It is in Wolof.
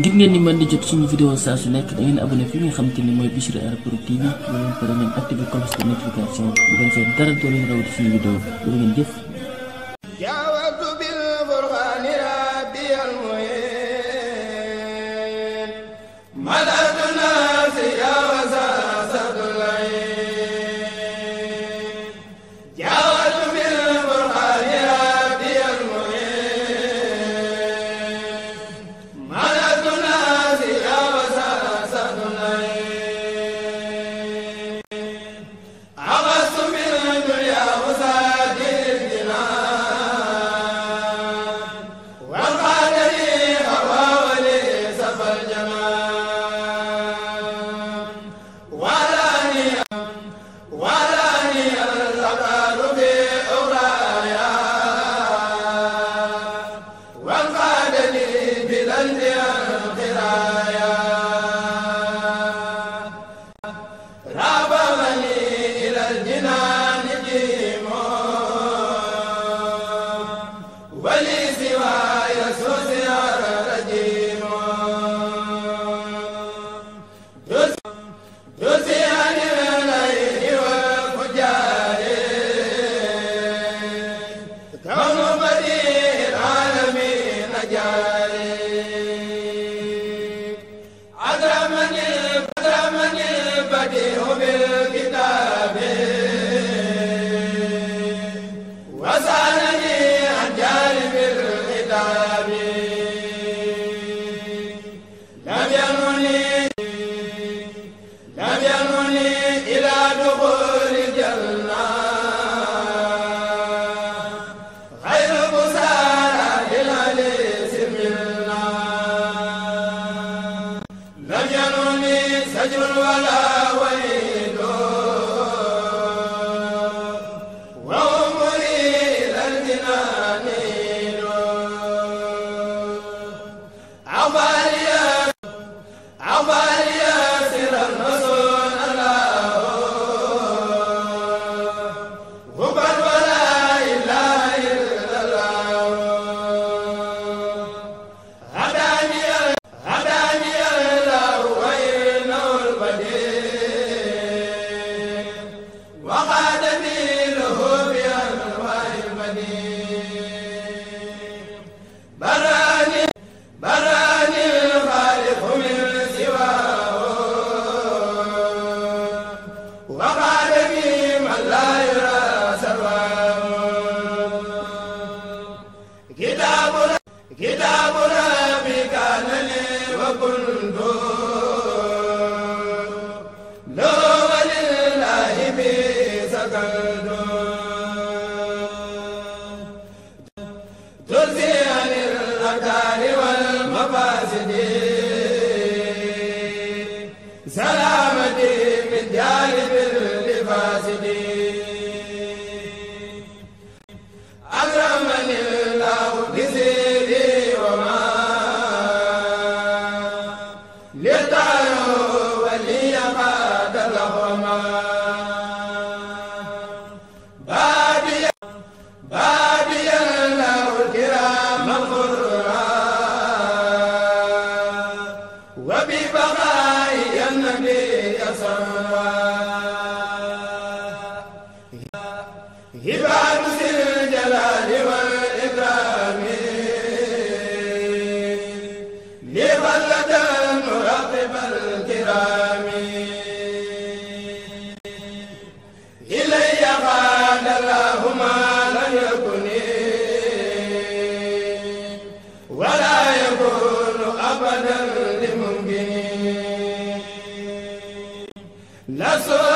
ngir ngeen di mën di jot suñu vidéo saa su nekk da ngeen abonné fi nga xamante ni mooy Bichri Airport TV nga leen pare ngeen activé cloche de notification bu dara doo leen suñu vidéo bi ngeen jëf mi sajrun wala way Sidi hibaatu sil jalaali wal ikraami li xallatal muraqibal kiraami ilayya xaadalahuma la yakuni wala yakunu abadan li mumkini